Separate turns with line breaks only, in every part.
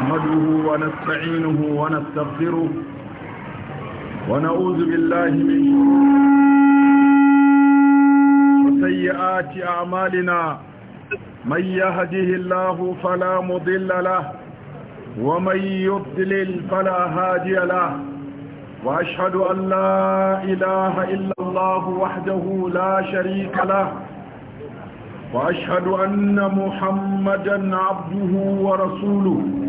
نحمده ونستعينه ونستغفره ونعوذ بالله من سيئات أعمالنا من يهده الله فلا مضل له ومن يضلل فلا هادي له وأشهد أن لا إله إلا الله وحده لا شريك له وأشهد أن محمدا عبده ورسوله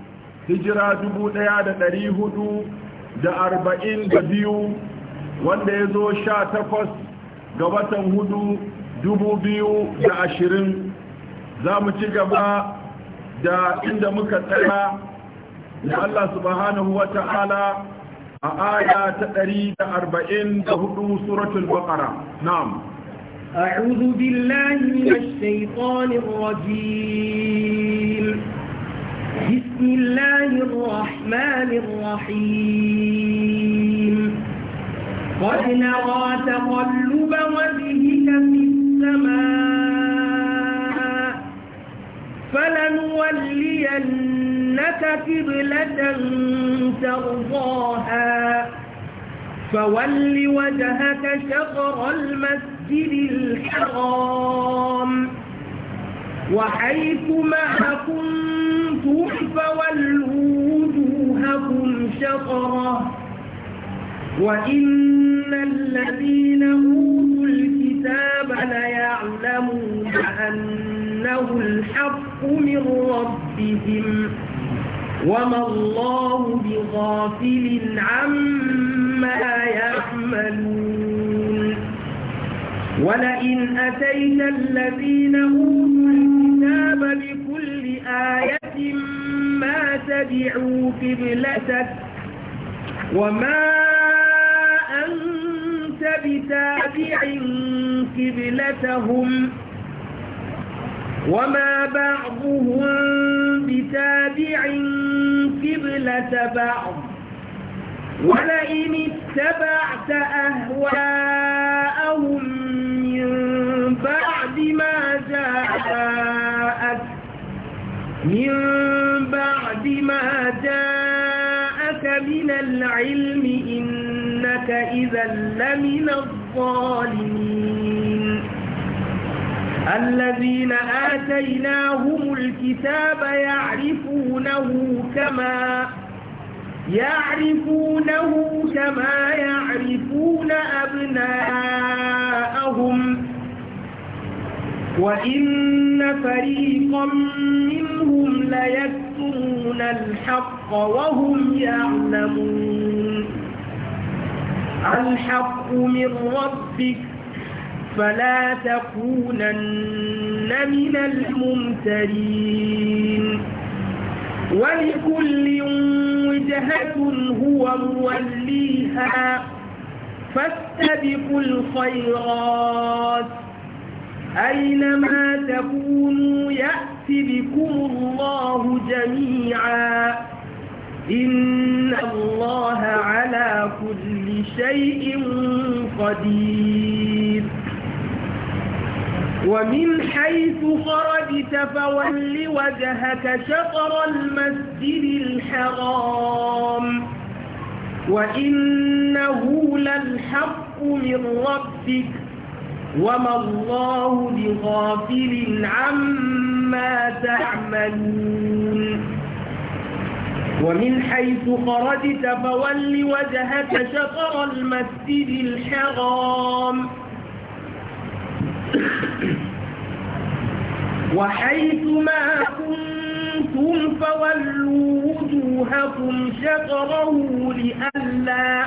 hijira dubu ɗaya da ɗari hudu da arba'in da biyu wanda ya zo sha takwas ga watan hudu dubu biyu da ashirin za mu ci gaba da inda muka tsaya da Allah subhanahu wa ta'ala a aya ta ɗari da arba'in da hudu suratul baqara na'am أعوذ بالله من الشيطان
الرجيم بسم الله الرحمن الرحيم قد نرى تقلب وجهك في السماء فلنولينك قبلة ترضاها فول وجهك شطر المسجد الحرام وحيثما كنتم فولوا وجوهكم شطره وإن الذين أوتوا الكتاب ليعلمون أنه الحق من ربهم وما الله بغافل عما يعملون ولئن أتينا الذين أوتوا ضرب لكل آية ما تبعوا قبلتك وما أنت بتابع قبلتهم وما بعضهم بتابع قبلة بعض ولئن اتبعت أهواءهم من بعد ما جاءك من العلم إنك إذا لمن الظالمين الذين آتيناهم الكتاب يعرفونه كما يعرفونه كما يعرفون أبناءهم وإن فريقا من ليكتمون الحق وهم يعلمون الحق من ربك فلا تكونن من الممترين ولكل وجهة هو موليها فاستبقوا الخيرات أينما تكونوا يأت بكم الله جميعا إن الله على كل شيء قدير ومن حيث خرجت فول وجهك شطر المسجد الحرام وإنه للحق من ربك وما الله بغافل عما تعملون ومن حيث خرجت فول وجهك شطر المسجد الحرام وحيث ما كنتم فولوا وجوهكم شطره لئلا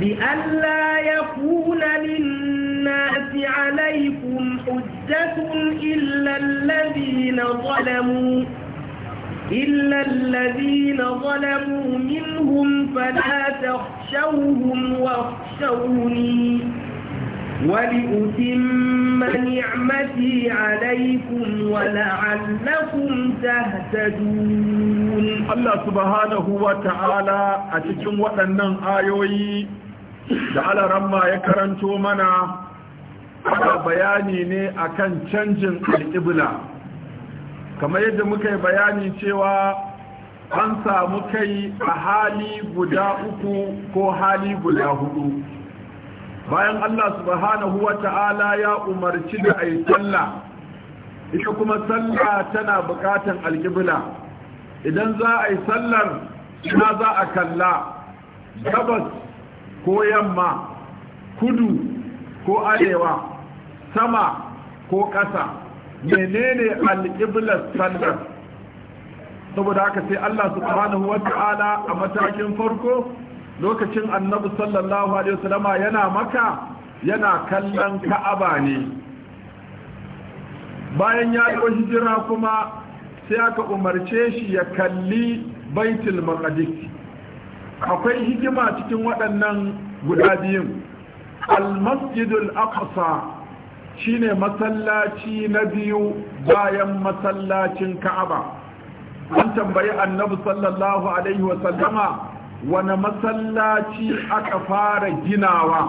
لئلا يكون للناس الناس عليكم حجة إلا الذين ظلموا إلا الذين ظلموا منهم فلا تخشوهم واخشوني ولأتم نعمتي عليكم ولعلكم تهتدون
الله سبحانه وتعالى أتجم وأنن آيوي جعل رمى يكرنتو منا ana bayani ne akan canjin alƙibla kamar yadda muka yi bayani cewa an samu kai a hali guda uku ko hali guda hudu bayan Allah subhanahu wa ta'ala ya umarci da ai salla ita kuma sallah tana bukatan alƙibla idan za a yi sallar na za a kalla gabas ko yamma kudu ko arewa sama ko ƙasa menene alƙiblar sanda? saboda haka sai Allah subhanahu wata'ala a matakin farko lokacin annabi sallallahu alaihi wasallama yana maka yana kallon ka'aba ne bayan ya yi hijira kuma sai aka umarce shi ya kalli baitul maqdis akwai hikima cikin waɗannan guda biyun almasjidul aqsa shine masallaci na biyu bayan masallacin ka'aba an tambayi annabi sallallahu alaihi wasallama wani masallaci aka fara ginawa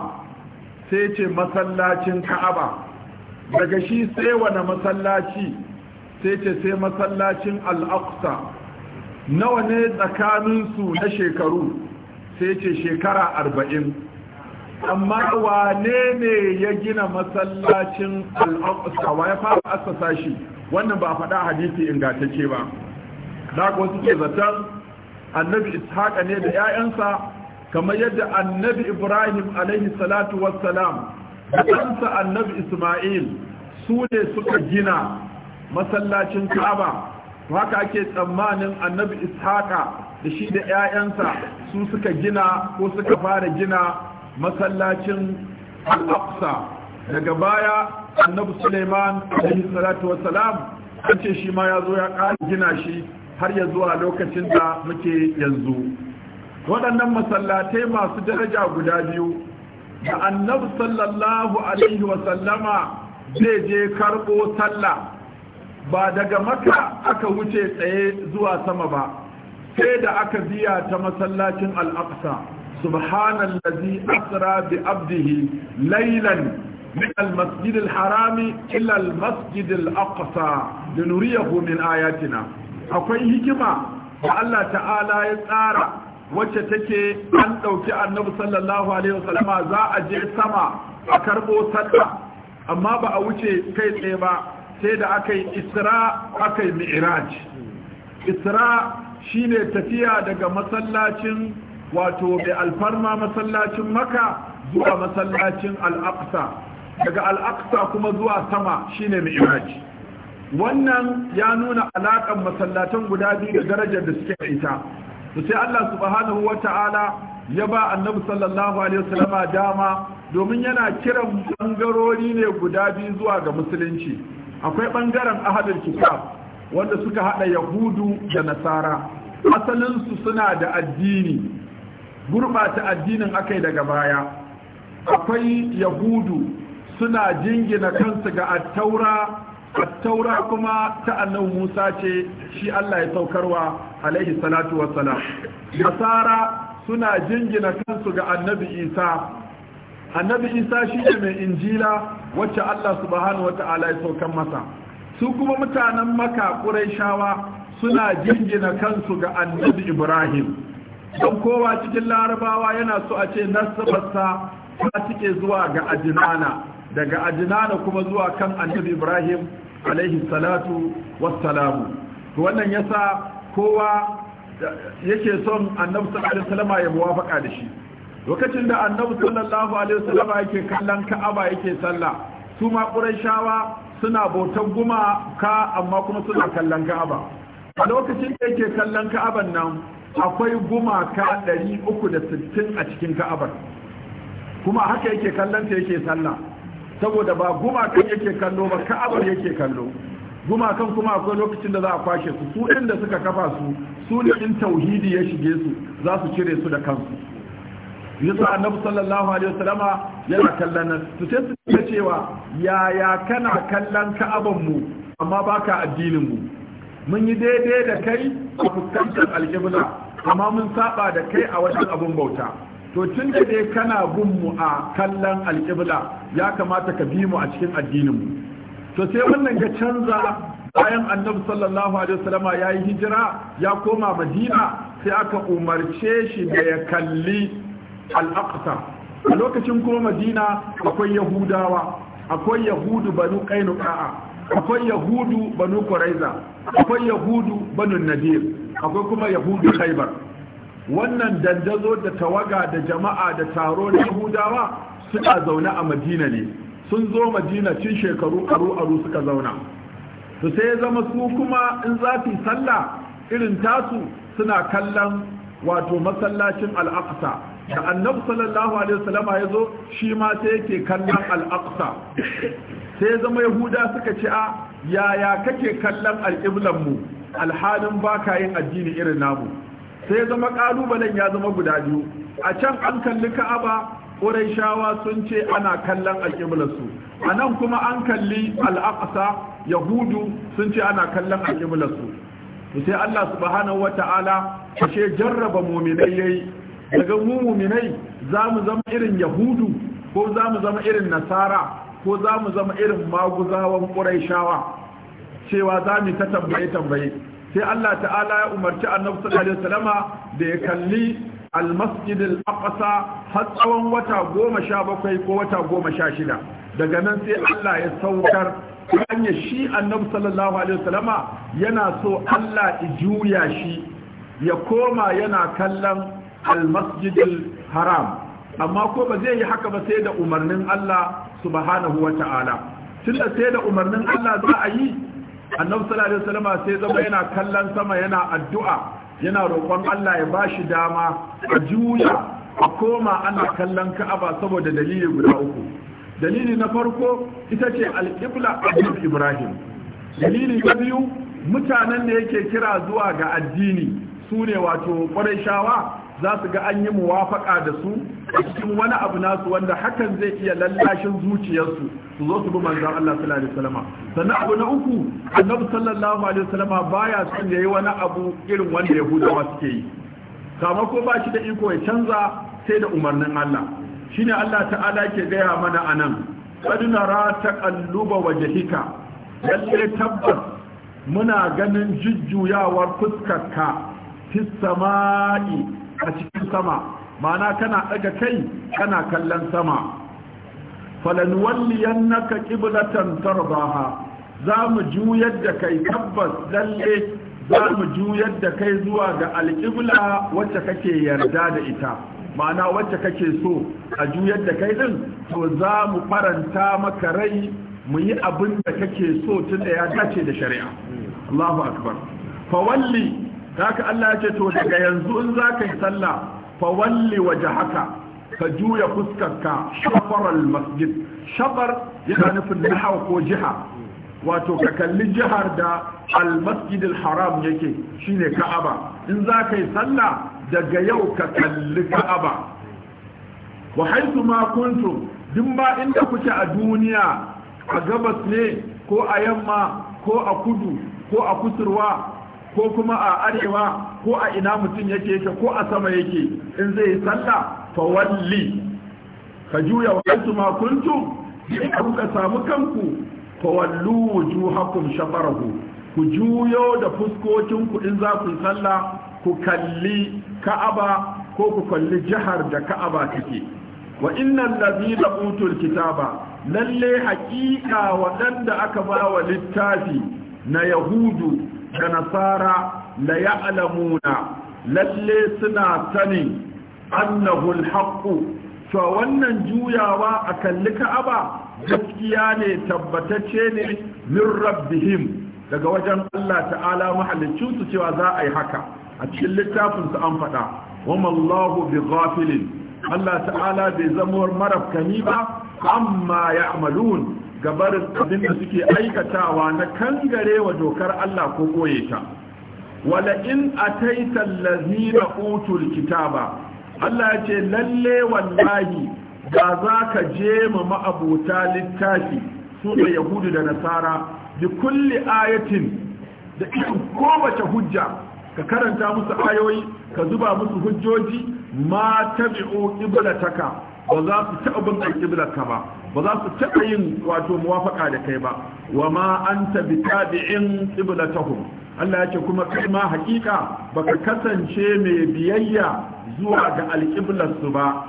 sai ce masallacin ka'aba daga shi sai wani masallaci sai ce sai masallacin al'aqsa nawa ne tsakaninsu na shekaru sai ce shekara arba'in amma wane ne ya gina masallacin al'aqsa wa ya fara assasa shi wannan ba a faɗa hadisi ingantacce ba da ko suke zaton annabi ishaqa ne da 'ya'yansa kamar yadda annabi ibrahim alaihi salatu wassalam da ɗansa annabi isma'il su ne suka gina masallacin ka'aba haka ake tsammanin annabi ishaka da shi da 'ya'yansa su suka gina ko suka fara gina masallacin al-aqsa daga baya annabi suleiman alaihi salatu wassalam an ce shi ma ya zo ya ƙara gina shi har ya zuwa lokacin da muke yanzu waɗannan masallatai masu daraja guda biyu da annabi sallallahu alaihi wasallama zai je karɓo sallah ba daga maka aka wuce tsaye zuwa sama ba sai da aka biya ta masallacin al-aqsa سبحان الذي أسرى بأبده ليلا من المسجد الحرام إلى المسجد الأقصى لنريه من آياتنا akwai hikima da Allah ta'ala ya tsara wacce take an ɗauki annabi sallallahu alaihi wasallama za a je sama a karɓo sallah amma ba a wuce kai tsaye ba sai da aka yi isra aka yi mi'raj isra shine tafiya daga masallacin wato bai alfarma masallacin maka zuwa masallacin al'aqsa daga al'aqsa kuma zuwa sama shine mi'raj wannan ya nuna alaƙar masallatan guda biyu da darajar da suke ita to sai Allah subhanahu wata'ala ya ba annabi sallallahu alaihi wasallama dama domin yana kiran bangarori ne guda biyu zuwa ga musulunci akwai bangaren ahadul kitab wanda suka hada yahudu da nasara asalinsu suna da addini gurɓata addinin akai daga baya akwai yahudu suna jingina kansu ga attaura attaura kuma ta annabi Musa ce shi Allah ya saukarwa alaihi salatu wassalam nasara suna jingina kansu ga annabi Isa annabi Isa shi ne mai injila wacce Allah subhanahu wata'ala ya saukan masa su kuma mutanen maka ƙuraishawa suna jingina kansu ga annabi Ibrahim don kowa cikin larabawa yana so a ce nasabarsa ta cike zuwa ga ajinana daga ajinana kuma zuwa kan annabi ibrahim alaihi salatu wassalamu to wannan yasa kowa yake son annabi sallallahu alaihi wasallama ya muwafaka da shi lokacin da annabi sallallahu alaihi wasallama yake kallon ka'aba yake sallah su ma qurayshawa suna bautan guma ka amma kuma suna kallon ka'aba a lokacin da yake kallon ka'aban nan akwai gumaka sittin a cikin ka'abar kuma haka yake kallon yake sallah saboda ba gumakan yake kallo ba ka'abar yake kallo gumakan kuma akwai lokacin da za a kwashe su su inda suka kafa su su ne in tauhidi ya shige su za su cire su da kansu yasa annabi sallallahu alaihi wasallama yana kallon nan Su sai su cewa yaya kana kallon ka'abar mu amma baka addinin mu mun yi daidai da kai a fuskantar alƙibla amma mun saba da kai a wajen abun bauta to tun da dai kana bin mu a kallon alƙibla ya kamata ka bi mu a cikin addinin mu to sai wannan ga canza bayan annabi sallallahu alaihi ya yi hijira ya koma madina sai aka umarce shi da ya kalli al-aqsa a lokacin kuma madina akwai yahudawa akwai yahudu banu kainuka'a akwai yahudu banu quraiza akwai yahudu banu nadir akwai kuma yahudu khaybar wannan dandazo da tawaga da jama'a da taro da yahudawa suka zaune a madina ne sun zo madina cin shekaru aru aru suka zauna to sai ya zama su kuma in za su sallah irin tasu suna kallon wato masallacin al da annabi sallallahu alaihi wasallama ya zo shi ma sai yake kallon al-aqsa sai zama yahuda suka ce a yaya kake kallon al mu alhalin baka yin addini irin namu sai zama kalubalen ya zama guda biyu a can an kalli ka'aba Quraishawa sun ce ana kallon su a nan kuma an kalli al'aqsa yahudu sun ce ana kallon su sai Allah subhanahu wata'ala ashe jarraba muminai yayi daga mu muminai za mu zama irin yahudu ko za mu zama irin nasara ko za mu zama irin maguzawan ƙuraishawa cewa za mu ta tambaye tambaye sai Allah ta'ala ya umarci annabi sallallahu alaihi wasallama da ya kalli al-masjid al-aqsa har tsawon wata bakwai ko wata goma sha shida. daga nan sai Allah ya saukar hanyar shi annabi sallallahu alaihi wasallama yana so Allah ya juya shi ya koma yana kallon al masjidil haram amma ko ba zai yi haka ba sai da umarnin Allah subhanahu wa ta'ala da sai da umarnin Allah za a yi annabi sallallahu alaihi wasallam sai zama yana kallon sama yana addu'a yana roƙon Allah ya ba shi dama a juya a koma ana kallon Ka'aba saboda dalili guda uku dalili na farko ita ce alƙibla abin Ibrahim dalili na biyu mutanen da yake kira zuwa ga addini su ne wato ƙwarai shawa za su ga an yi muwafaka da su a cikin wani abu nasu wanda hakan zai iya lallashin zuciyarsu su zo su bi manzan Allah sallallahu alaihi wasallam sannan abu na uku annabi sallallahu alaihi wasallam baya son yayi wani abu irin wanda yahudawa suke yi kama ko ba shi da iko ya canza sai da umarnin Allah shine Allah ta'ala ke gaya mana anan qad nara taqalluba wajhika lalle tabbas muna ganin jujjuyawar fuskarka fis sama'i a cikin sama ma'ana kana daga kai kana kallon sama falanuwalliyannaka qiblatan tarbaha za mu juyar da kai tabbas lalle za mu juyar da kai zuwa ga alƙibla wacce kake yarda da ita ma'ana wacce kake so a juyar da kai din to za mu faranta maka rai mu yi abin da kake so tun da ya dace da shari'a Allahu akbar fawalli haka Allah ya ce to daga yanzu in za ka yi sallah fa walli haka ka juya fuskarka shafar masjid shafar yana nufin nahaw ko jiha wato ka kalli jihar da al-masjid al-haram yake shine ka'aba in za ka yi sallah daga yau ka kalli ka'aba wa haythu ma kuntum duk inda kuke a duniya a gabas ne ko a yamma ko a kudu ko a kusurwa ko kuma a arewa ko a ina mutum yake ta ko a sama yake in zai sallah fa walli ka juya wa kantu ma kuntu in kuka samu kanku fa wallu wujuhakum shatarahu ku juyo da fuskokin ku in za ku sallah ku kalli ka'aba ko ku kalli jihar da ka'aba take wa innal ladina utul kitaba lalle haƙiƙa waɗanda aka ba wa littafi na yahudu da nasara la ya'lamuna lalle suna sani annahu alhaqu to wannan juyawa a kalli ka'aba gaskiya ne tabbatacce ne min rabbihim daga wajen Allah ta'ala mahallicin su cewa za a yi haka a cikin littafin su an faɗa wama Allahu bi ghafilin Allah ta'ala bai zamo marafkani ba amma ya'malun Gabar abin da suke aikatawa na kangare wa dokar Allah ko koye ta wala in ataita allazina utul kitaba Allah ya ce lalle wallahi da za ka je ma ma'abuta littafi su da yahudu da nasara bi kulli ayatin da irin kowace hujja ka karanta musu ayoyi ka zuba musu hujjoji ma tabi'u iblataka ba za su taɓa bin alƙiblar ka ba ba za su taɓa yin wato muwafaka da kai ba wa ma anta bi tabi'in qiblatahum Allah ya ce kuma kai ma hakika baka kasance mai biyayya zuwa ga alƙiblar su ba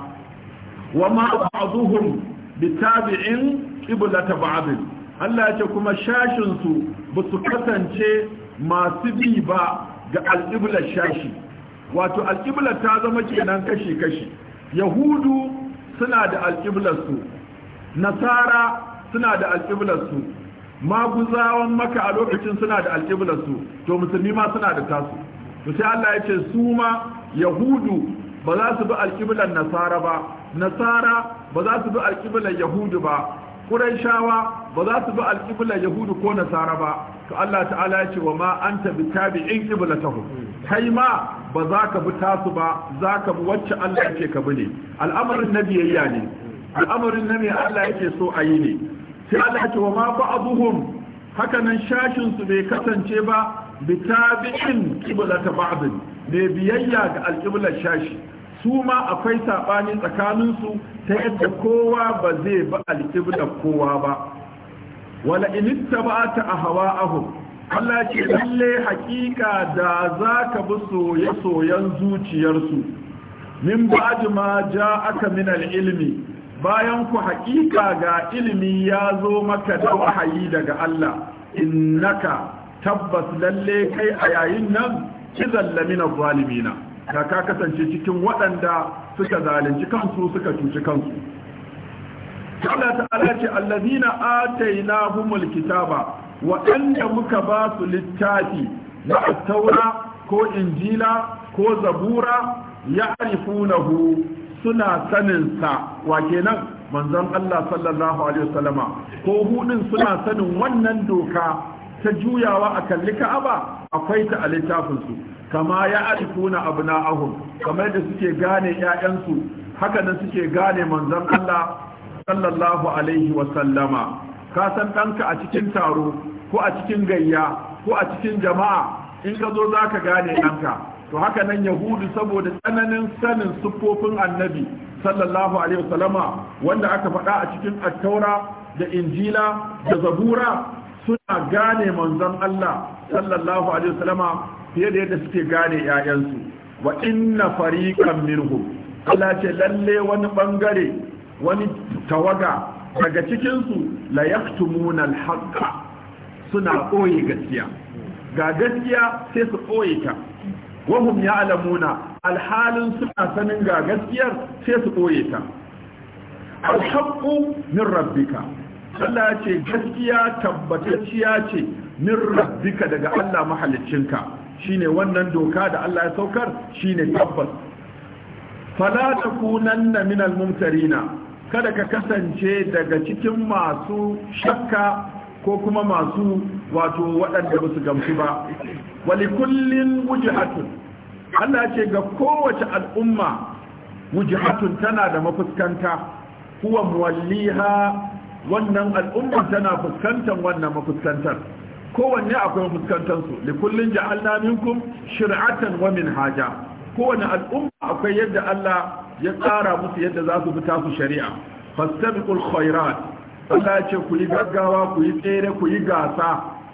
wa ma ba'dhum bi tabi'in qiblat ba'd Allah ya ce kuma shashin su ba su kasance masu bi ba ga alƙiblar shashi wato alƙiblar ta zama kenan kashi kashi yahudu suna da alƙiblarsu nasara suna da alƙiblarsu maguzawan maka a lokacin suna da alƙiblarsu to musulmi ma suna da tasu to sai Allah ya ce su ma yahudu ba za su bi alƙiblar nasara ba nasara ba za su bi alƙiblar yahudu ba ƙuraishawa ba za su bi alƙiblar yahudu ko nasara ba to Allah ta'ala ya ce wa ma anta bitabi'in qiblatahum kai ma ba za ka bi tasu ba za ka bi wacce Allah yake ka bi ne al'amarin na biyayya ne al'amarin na ne Allah yake so a yi ne sai Allah ce wa ma abuhun. hakanan shashinsu su bai kasance ba bitabi'in ba abin. Mai biyayya ga alqiblar shashi su ma akwai saɓani tsakaninsu ta yadda kowa ba zai ba alƙiblar kowa ba wala in ba ta a hawa Allah ce lalle hakika da za ka bi soye-soyen zuciyarsu min ba ma ja aka min ilmi bayan ku hakika ga ilimi ya zo maka da wahayi daga Allah innaka tabbas lalle kai a yayin nan kizan lamina zalimina da ka kasance cikin waɗanda suka zalunci kansu suka cuci kansu Allah ta'ala ce allazina humul kitaba waɗanda muka ba su littafi na taura ko injila ko zabura ya arifunahu suna saninsa wa kenan manzon Allah sallallahu alaihi wasallama ko huɗun suna sanin wannan doka ta juyawa a kalli ka'aba akwai ta a littafinsu kama ya arifuna abna'ahum kamar da suke gane 'ya'yansu haka nan suke gane manzon Allah sallallahu alaihi wasallama ka san ɗanka a cikin taro ko a cikin gayya ko a cikin jama'a in ka zo za ka gane ɗanka to haka nan yahudu saboda tsananin sanin siffofin annabi sallallahu alaihi wasallama wanda aka faɗa a cikin attaura da injila da zabura suna gane manzon Allah sallallahu alaihi wasallama fiye da yadda suke gane 'ya'yansu wa inna fariqan minhum Allah ce lalle wani bangare wani tawaga daga cikinsu la yaktumuna alhaqqa suna ɓoye gaskiya ga gaskiya sai su ɓoye ta wahum ya'lamuna alhalin suna sanin ga gaskiyar sai su ɓoye ta
alhaqqu
min rabbika Allah ya ce gaskiya tabbatacciya ce min rabbika daga Allah mahaliccinka shine wannan doka da Allah ya saukar shine tabbas fala takunanna minal mumtarina kada ka kasance daga cikin masu shakka ko kuma masu wato waɗanda ba su gamsu ba wali kullin wujihatun Allah ce ga kowace al'umma wujihatun tana da mafuskanta kuwa muwalliha wannan al'umma tana fuskantar wannan mafuskantar kowanne akwai fuskantarsu likullin kullin ja'alna minkum shir'atan wa haja. kowane al'umma akwai yadda Allah ya tsara musu yadda za su fita su shari'a fastabiqul khairat Allah ce ku yi gaggawa ku yi tsere ku yi gasa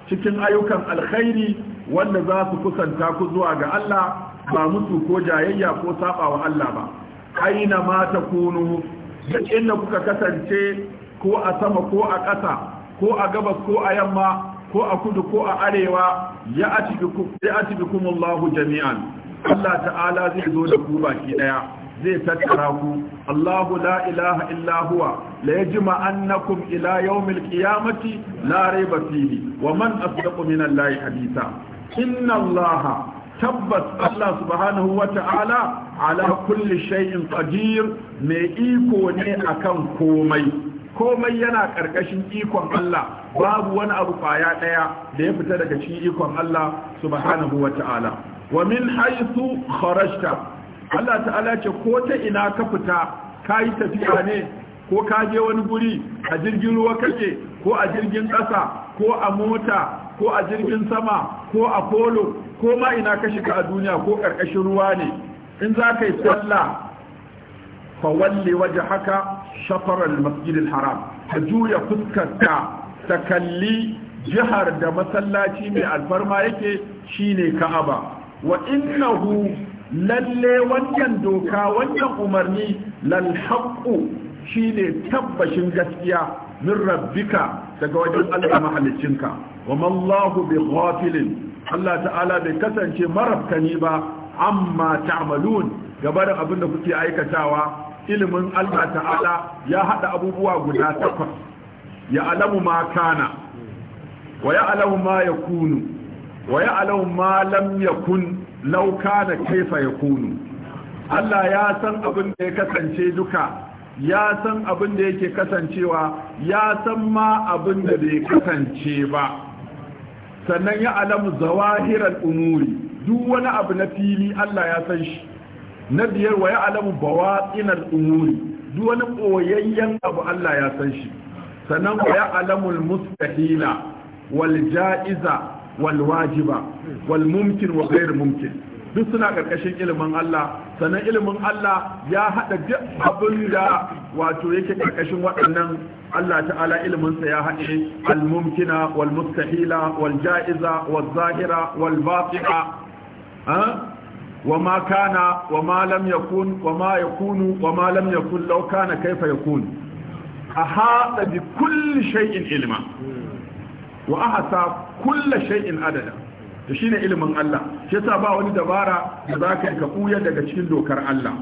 cikin ayyukan alkhairi wanda za su kusanta ku zuwa ga Allah ba musu ko jayayya ko saba wa Allah ba aina ma kunu duk inda kuka kasance ko a sama ko a ƙasa ko a gabas ko a yamma ko a kudu ko a arewa ya atibikumullahu jami'an Allah ta'ala zai zo da ku baki daya zai tattara ku Allahu la ilaha illa huwa la yajma annakum ila yawmil qiyamati la rayba fihi wa man asdaqu min Allahi haditha inna Allah, tabbas Allah subhanahu wa ta'ala ala kulli shay'in qadir mai iko ne akan komai komai yana ƙarƙashin ikon Allah babu wani abu kwaya ɗaya da ya fita daga cikin ikon Allah subhanahu wa ta'ala wa min haythu kharajta Allah ta'ala ce ko ta ina ka fita kai tafiya ne ko ka je wani guri a jirgin ruwa kake ko a jirgin ƙasa ko a mota ko a jirgin sama ko a polo ko ma ina ka shiga a duniya ko ƙarƙashin ruwa ne in za ka yi salla fa walli wajhaka shatr al-masjid al-haram ka juya fuskarka ta kalli jihar da masallaci mai alfarma yake shine Ka'aba wa innahu lalle wannan doka wannan umarni lalhaƙu shine tabbashin gaskiya min rabbika daga wajen Allah mahalicinka wa mallahu bi ghafilin Allah ta'ala bai kasance ni ba amma ta'malun gaba da abin da kuke aikatawa ilimin Allah ta'ala ya hada abubuwa guda takwas ya alamu ma kana wa ya alamu ma kunu. wa ya'lamu ma lam yakun law kana kaifa yakunu Allah ya san abin da ya kasance duka ya san abin da yake kasancewa ya san ma abin da bai kasance ba sannan ya alamu zawahiral umuri duk wani abu na fili Allah ya san shi na biyar wa ya alamu umuri duk wani koyayyen abu Allah ya san shi sannan wa ya alamul mustahila wal ja'iza Walwajiba, walmumkin wa ghair mumkin duk suna karkashin ilimin Allah sannan ilimin Allah ya hada duk abin da wato yake karkashin waɗannan Allah ta'ala ilimin sa ya hade al mumkina waljaiza mustahila wal ja'iza wal kunu, wal batina وما كان وما لم يكن وما يكون وما لم يكن لو كان كيف يكون أحاط بكل شيء علما wa kulla kullu shay'in adada shi shine ilimin Allah shi yasa ba wani dabara da zaka ka kuya daga cikin dokar Allah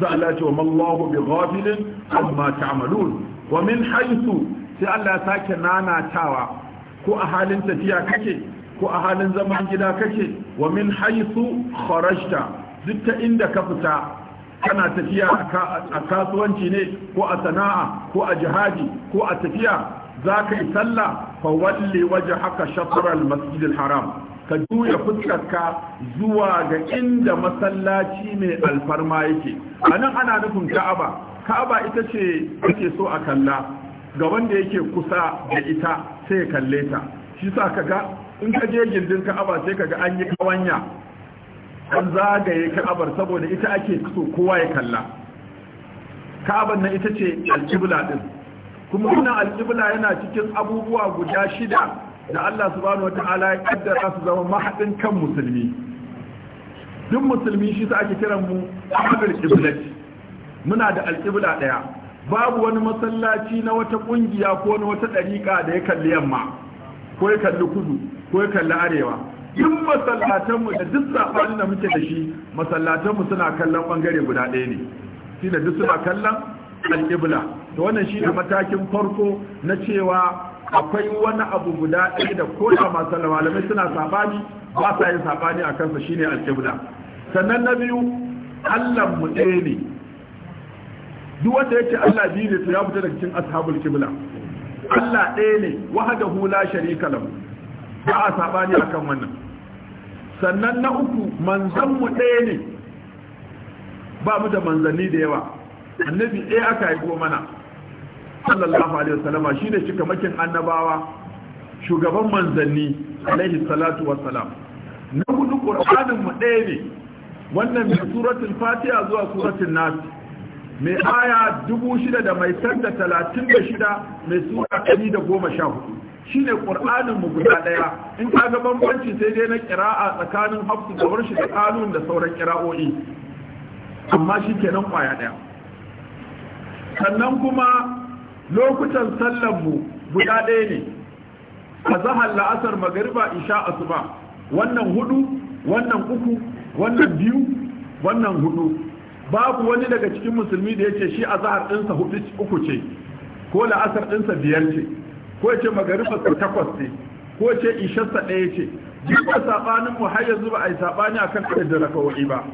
za Allah ce wa mallahu bi ghafilin amma ta'malun wa min haythu sai Allah ya sake nanatawa ko a halin tafiya kake ko a halin zaman gida kake wa min haythu kharajta duk ta inda ka fita kana tafiya a kasuwanci ne ko a sana'a ko a jihadi ko a tafiya za ka yi sallah fa walli waje haka shafarar al haram ka juya fuskarka zuwa ga inda masallaci mai alfarma yake anan ana nufin ka'aba ka'aba ita ce ake so a kalla ga wanda yake kusa da ita sai ya kalle ta shi sa ka ga in ka je gindin ka'aba sai ka ga an yi kawanya an zagaye ka'abar saboda ita ake so kowa ya kalla ka'abar na ita ce alkibla din kuma wannan alƙibla yana cikin abubuwa guda shida da Allah subhanahu wataala ya kaddara su zama mahadin kan musulmi duk musulmi shi sa ake kiran mu ahlul qiblati muna da alƙibla ɗaya babu wani masallaci na wata ƙungiya ko na wata ɗariƙa da ya kalli yamma ko ya kalli kudu ko ya kalli arewa duk masallatanmu da duk saɓanin da muke da shi masallatan mu suna kallon bangare guda ɗaya ne shi da duk suna kallon alƙibla to wannan ne matakin farko na cewa akwai wani abu guda ɗaya da ko da masu malamai suna sabani ba sa yin sabani a kansa shi ne alƙibla sannan na biyu Allah mu ɗaya ne duk wanda yake Allah biyu ne to ya fita daga cikin ashabul qibla Allah ɗaya ne wahada hula sharika lamu ba a sabani kan wannan sannan na uku manzan mu ɗaya ne ba mu da manzanni da yawa annabi ɗaya aka yi mana sallallahu alaihi wasallama shine cikamakin annabawa shugaban manzanni alaihi salatu wassalam na hudu qur'anin mu ɗaya ne wannan mai suratul fatiha zuwa suratul nas mai aya 6000 mai 36 mai sura 114 shine qur'anin mu guda ɗaya. in ka ga bambanci sai dai na qira'a tsakanin hafsu da warshi da qalun da sauran qira'o'i amma shi shikenan kwaya ɗaya, sannan kuma lokutan mu guda ɗaya ne a zahar la'asar magariba isha asuba wannan hudu wannan uku wannan biyu wannan hudu babu wani daga cikin musulmi da ya ce shi a zahar ɗinsa hudu uku ce ko la'asar ɗinsa biyar ce ko ya ce sau takwas ce ko ce isharsa ɗaya ce duk da saɓanin mu har yanzu ba a yi saɓani akan kan da rakawo'i ba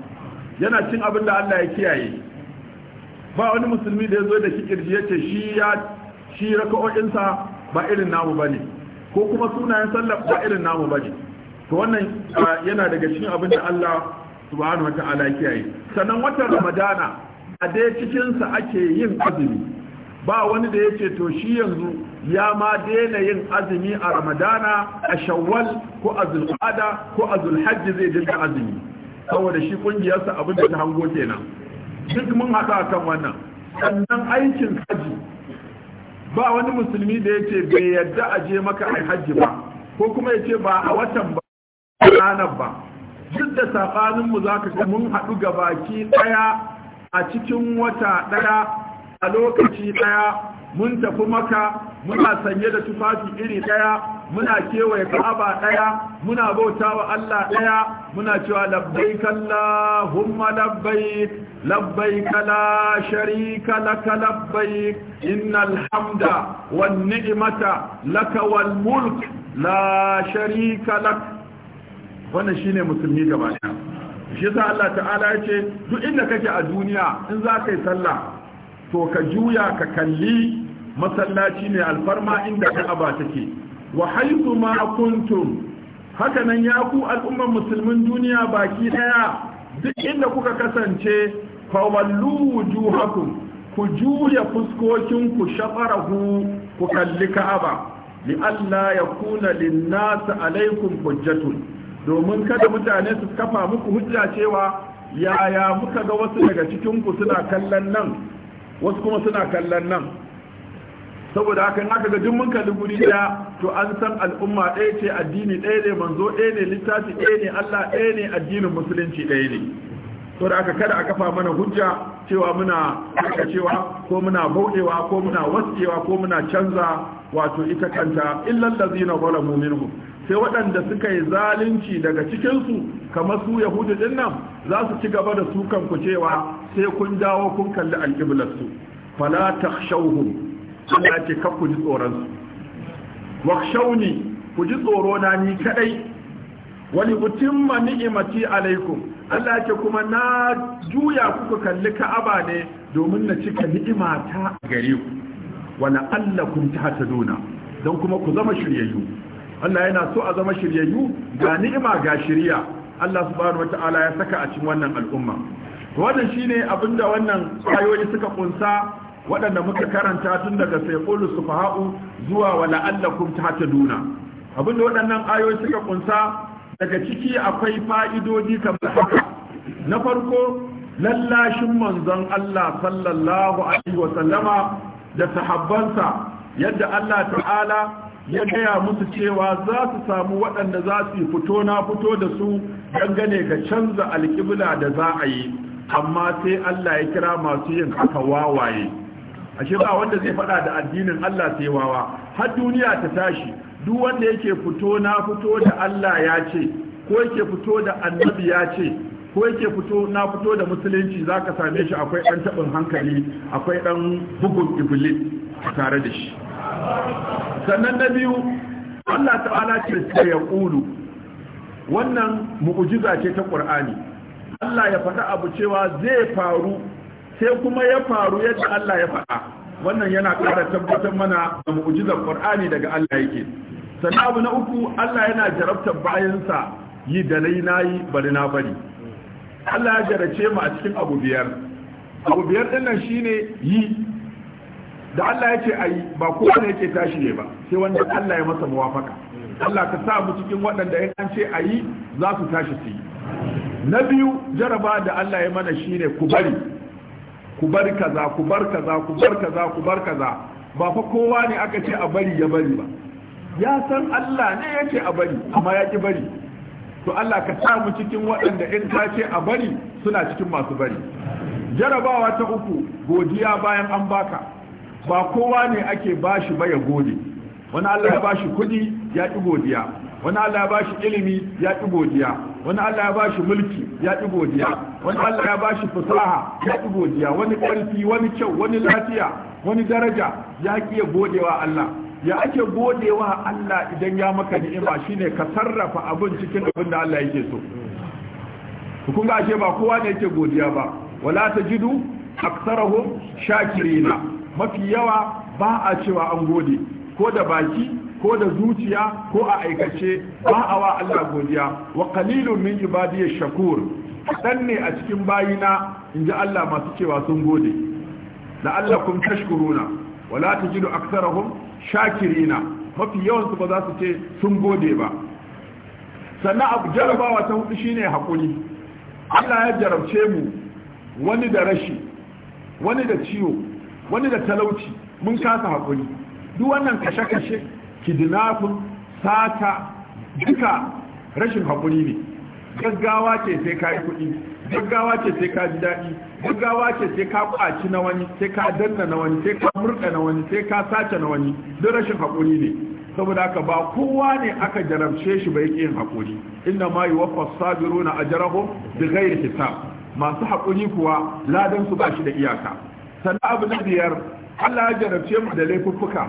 yana cin abin da Allah ya kiyaye ba wani musulmi da ya zo da shi kirji ya ce shi ya shi raka'o'insa ba irin namu bane ko kuma sunayen sallah ba irin namu bane to wannan yana daga cikin abin da Allah subhanahu wata'ala yi. sannan watan ramadana a dai cikin sa ake yin azumi ba wani da ya ce to shi yanzu ya ma daina yin azumi a ramadana a shawwal ko a zulqa'ada ko a zulhajji zai dinga azumi saboda shi kungiyarsa abin da ta hango kenan duk mun haɗu kan wannan sannan aikin haji ba wani musulmi da ya bai yadda a je maka ai haji ba ko kuma ya ce ba a watan ba ranar ba duk da saɓaninmu mu zaka ga mun haɗu ga baki ɗaya a cikin wata ɗaya a lokaci ɗaya mun tafi maka muna sanye da tufafi iri ɗaya muna kewaye ka'aba ɗaya muna bauta wa Allah ɗaya muna cewa labbaik Allahumma labbaik لبيك لا شريك لك لبيك إن الحمد والنعمة لك والملك لا شريك لك wannan shine musulmi gaba daya shi Allah ta'ala ya ce duk inda kake a duniya in za ka yi sallah to ka juya ka kalli masallaci ne alfarma inda Ka'aba take wa haythu ma kuntum haka nan ya ku al'umman musulmin duniya baki ɗaya duk inda kuka kasance fawallu wujuhakum ku juya fuskokin ku shafarahu ku kalli ka'aba li alla ya kuna linnas alaikum hujjatun domin kada mutane su kafa muku hujja cewa yaya muka ga wasu daga cikin ku suna kallon nan wasu kuma suna kallon nan saboda haka aka ga duk mun kalli guri daya to an san al'umma ɗaya ce addini ɗaya ne manzo ɗaya ne littafi ɗaya ne Allah ɗaya ne addinin musulunci ɗaya ne to da aka kada a kafa mana hujja cewa muna cewa ko muna bauɗewa ko muna waskewa ko muna canza wato ita kanta illal ladzina zalamu minhum sai waɗanda suka yi zalunci daga cikin su kamar su yahudu din nan za su ci gaba da sukan ku cewa sai kun dawo kun kalli su fala takhshawhum Allah ce kakku ji tsoron su wakhshawni ku ji tsoro na ni kadai wani mutumma ni'imati alaikum Allah yake kuma na juya kuka kalli ka'aba ne domin na cika ni'imata gare ku wala ta tahtaduna don kuma ku zama shiryayyu Allah yana so a zama shiryayyu ga ni'ima ga shiriya Allah subhanahu wataala ya saka a cikin wannan al'umma wannan shine abinda wannan ayoyi suka kunsa waɗanda muka karanta tun daga sayqulu sufaha'u zuwa wala allakum tahtaduna abinda waɗannan ayoyi suka kunsa daga ciki akwai fa'idodi kamar haka na farko lallashin manzon Allah sallallahu alaihi da sahabbansa yadda Allah ta'ala ya gaya musu cewa za su samu waɗanda za su fito na fito da su dangane ga canza alƙibla da za a yi amma sai Allah ya kira masu yin haka wawaye ashe ba wanda zai faɗa da addinin Allah sai wawa har duniya ta tashi duk wanda yake fito na fito da Allah ya ce ko yake fito da annabi ya ce ko yake fito na fito da musulunci zaka same shi akwai dan tabin hankali akwai dan bugun iblis tare da shi sannan na biyu Allah ta'ala ce ya kulu wannan mu'jiza ce ta Qur'ani Allah ya faɗa abu cewa zai faru sai kuma ya faru yadda Allah ya faɗa wannan yana ƙara tabbatar mana da mu'jizar Qur'ani daga Allah yake sannan abu na uku Allah yana jarabtar bayansa yi da nai nayi bari na bari Allah ya jarace mu a cikin abu biyar abu biyar din nan shine yi da Allah ya ce ayi ba kowane yake tashi ne ba sai wanda Allah ya masa muwafaka Allah ka sa mu cikin waɗanda in an ce ayi za su tashi su yi na biyu jaraba da Allah ya mana shine ku bari ku bar kaza ku bar kaza ku bar kaza ku bar kaza ba fa kowa ne aka ce a bari ya bari ba ya san Allah ne yake a bari amma ya ki bari to Allah ka sa mu cikin waɗanda in ka ce a bari suna cikin masu bari jarabawa ta uku godiya bayan an baka ba kowa ne ake bashi ba ya gode wani Allah ya bashi kudi, ya ki godiya wani Allah ya bashi ilimi ya ki godiya wani Allah ya bashi mulki ya ki godiya wani Allah ya bashi fasaha ya ki godiya wani ƙarfi wani kyau wani lafiya wani daraja ya ki godewa Allah ya ake wa Allah idan ya maka ni'ima shine ka sarrafa abin cikin abin da Allah yake so kun ga ashe ba kowa ne yake godiya ba wala tajidu aktharuhum shakirina mafi yawa ba a cewa an gode ko da baki ko da zuciya ko a aikace ba a wa Allah godiya wa qalilun min ibadiy shakur dan ne a cikin bayina inji Allah masu cewa sun gode la'allakum tashkuruna wala tajidu aktharuhum shakirina mafi yawan su ba za su ce sun gode ba sannan abu jarabawa ta hudu shine hakuri Allah ya jarabce mu wani da rashi wani da ciwo wani da talauci mun kasa hakuri duk wannan kashe-kashe kidnapping sata duka rashin hakuri ne gaggawa ce sai kayi kuɗi gaggawa ce sai ka ji daɗi gaggawa ce sai ka ƙwaci na wani sai ka danna na wani sai ka murɗa na wani sai ka sace na wani duk rashin haƙuri ne saboda haka ba kowa ne aka jarabce shi bai yin haƙuri inna ma yuwaffa sabiruna bi ghairi hisab masu haƙuri kuwa ladan su ba shi da iyaka sannan abu na biyar Allah ya jarabce mu da laifuffuka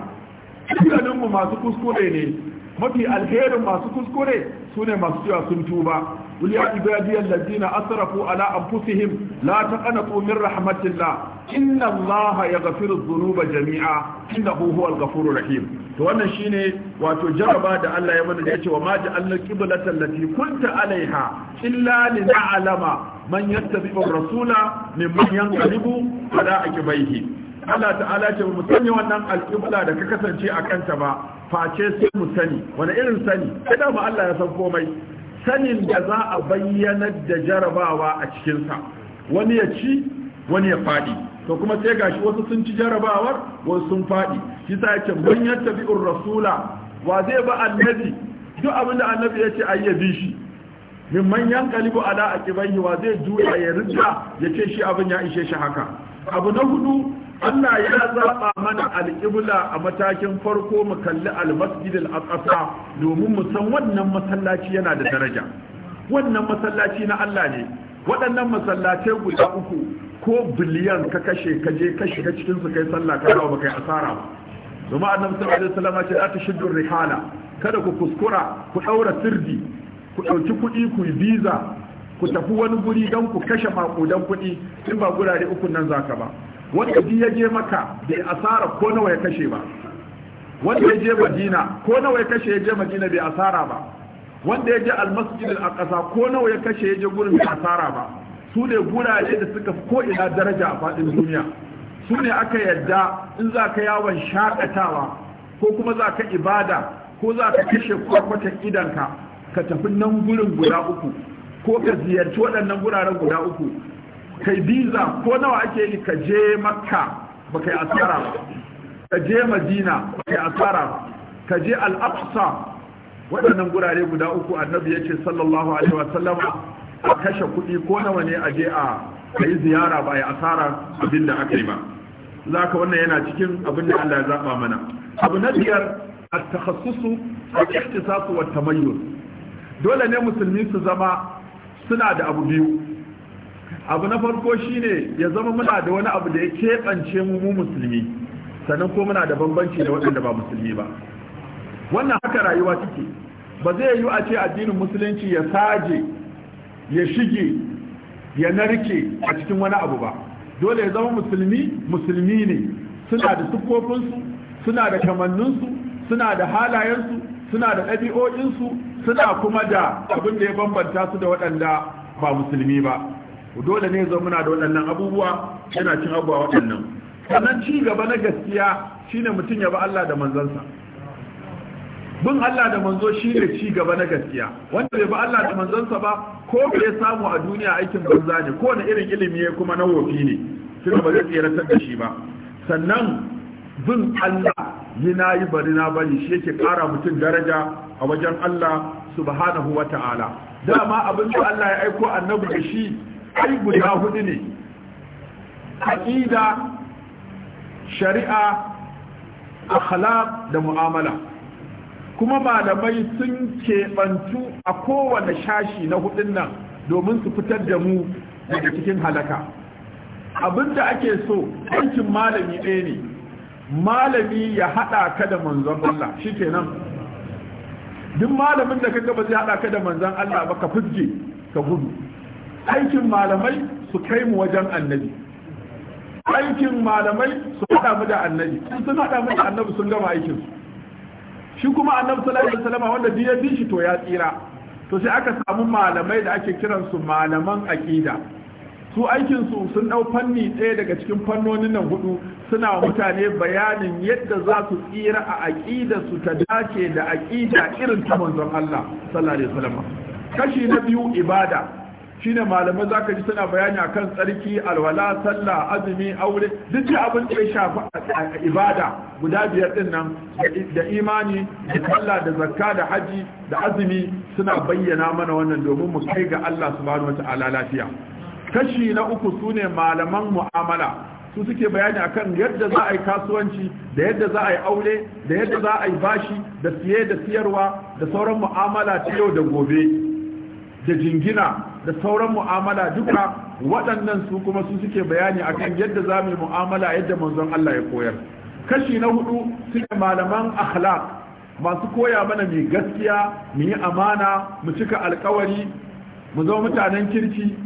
dukkaninmu masu kuskure ne mafi alherin masu kuskure su ne masu cewa sun tuba قل يا عبادي الذين أسرفوا على أنفسهم لا تقنطوا من رحمة الله إن الله يغفر الذنوب جميعا إنه هو الغفور الرحيم وأنا شيني وتجرب هذا الله يمن يأتي وما جعلنا القبلة التي كنت عليها إلا لنعلم من يتبع الرسول ممن ينقلب على عقبيه Allah ta'ala ce mu sani wannan alƙibla da ka kasance a kanta ba face sai mu sani wani irin sani sai da mu Allah ya san komai sanin da za a bayyanar da jarabawa a cikinsa wani ya ci wani ya faɗi to kuma sai gashi wasu sun ci jarabawar wasu sun faɗi shi sa yake man yattabi'ur rasula wa zai ba annabi duk abin da annabi ya ce ai ya shi min man yankalibu ala aqibayhi wa zai juya ya rinda ya ce shi abin ya ishe shi haka abu na hudu Allah ya zaba mana alƙibla a matakin farko mu kalli almasjid al-aqsa domin mu san wannan masallaci yana da daraja wannan masallaci na Allah ne waɗannan masallatai guda uku ko biliyan ka kashe ka je ka shiga cikin su kai sallah ka dawo kai asara ba domin annabi sallallahu alaihi wasallam ya ce la rihala kada ku kuskura ku daura sirdi ku ɗauki kuɗi ku yi visa ku tafi wani guri don ku kashe makudan kuɗi in ba gurare uku nan za ka ba wanda ji ya je maka bai asara ko nawa ya kashe ba wanda ya je madina ko nawa ya kashe ya je madina bai asara ba wanda ya je almasjid al-aqsa ko nawa ya kashe ya je gurin bai asara ba su ne gurare da suka ko ina daraja a faɗin duniya su ne aka yarda in za ka yawon shakatawa ko kuma za ka ibada ko za ka kashe kwakwatan idanka ka tafi nan gurin guda uku ko ka ziyarci waɗannan guraren guda uku kai biza ko nawa ake yi ka je makka ba yi asara ka je madina ba yi asara ka je al waɗannan gurare guda uku annabi ya ce sallallahu alaihi wasallam a kashe kuɗi ko nawa ne a je a yi ziyara ba yi asara abin da aka yi ba za ka wannan yana cikin abin da Allah ya zaɓa mana abu na biyar a takhassusu a dole ne musulmi su zama suna da abu biyu abu na farko shine ya zama muna da wani abu da ya keɓance mu mu musulmi sannan ko muna da bambanci da waɗanda ba musulmi ba wannan haka rayuwa take ba zai yiwu a ce addinin musulunci ya saje ya shige ya narke a cikin wani abu ba dole ya zama musulmi musulmi ne suna da siffofinsu suna da kamanninsu suna da halayensu suna da ɗabi'o'insu suna kuma da abin da ya bambanta su da waɗanda ba musulmi ba dole ne zo muna da waɗannan abubuwa yana cin abubuwa waɗannan sannan ci gaba na gaskiya shine mutum ya ba Allah da manzansa bin Allah da manzo shi ne ci gaba na gaskiya wanda bai ba Allah da manzansa ba ko bai samu a duniya aikin banza ne ko na irin ilimi ya kuma na wofi ne shi ba zai tseratar da shi ba sannan bin Allah yi na yi bari na bari shi yake ƙara mutum daraja a wajen Allah subhanahu wa ta'ala dama abin da Allah ya aiko annabi da shi ai guda hudu ne aqida shari'a akhlaq da mu'amala kuma malamai sun keɓantu a kowane shashi na hudun nan domin su fitar da mu daga cikin halaka abinda ake so aikin malami ɗaya ne malami ya haɗa ka da manzon Allah shi kenan duk malamin da kaga ba zai haɗa ka da manzon Allah ba ka fuske ka gudu aikin malamai su kai mu wajen annabi aikin malamai su haɗa mu da annabi in sun haɗa mu da annabi sun gama aikin su shi kuma annabi sallallahu alaihi wasallam wanda duk ya bi shi to ya tsira to sai aka samu malamai da ake kiransu malaman aqida su aikinsu sun ɗau fanni ɗaya daga cikin fannonin nan hudu suna mutane bayanin yadda za su tsira a aƙida su ta dace da aƙida irin ta manzon Allah sallallahu alaihi kashi na biyu ibada shine malamai zaka ji suna bayani akan tsarki alwala sallah azumi aure duk abin da ya shafi ibada guda biyar din nan da imani da sallah da zakka da haji da azumi suna bayyana mana wannan domin mu kai ga Allah subhanahu wataala lafiya kashi na uku su ne malaman mu'amala su suke bayani akan yadda za a yi kasuwanci da yadda za a yi aure da yadda za a yi bashi da siye da siyarwa da sauran mu'amala ta yau da gobe da jingina da sauran mu'amala duka waɗannan su kuma su suke bayani akan yadda za mu yi mu'amala yadda manzon Allah ya koyar kashi na hudu su ne malaman akhlaq masu koya mana mai gaskiya mu yi amana mu cika alkawari mu zama mutanen kirki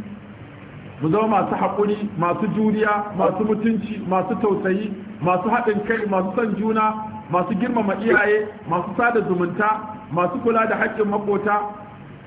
mu zama masu haƙuri masu juriya masu mutunci masu tausayi masu haɗin kai masu son juna masu girmama iyaye masu sada zumunta masu kula da haƙƙin maƙota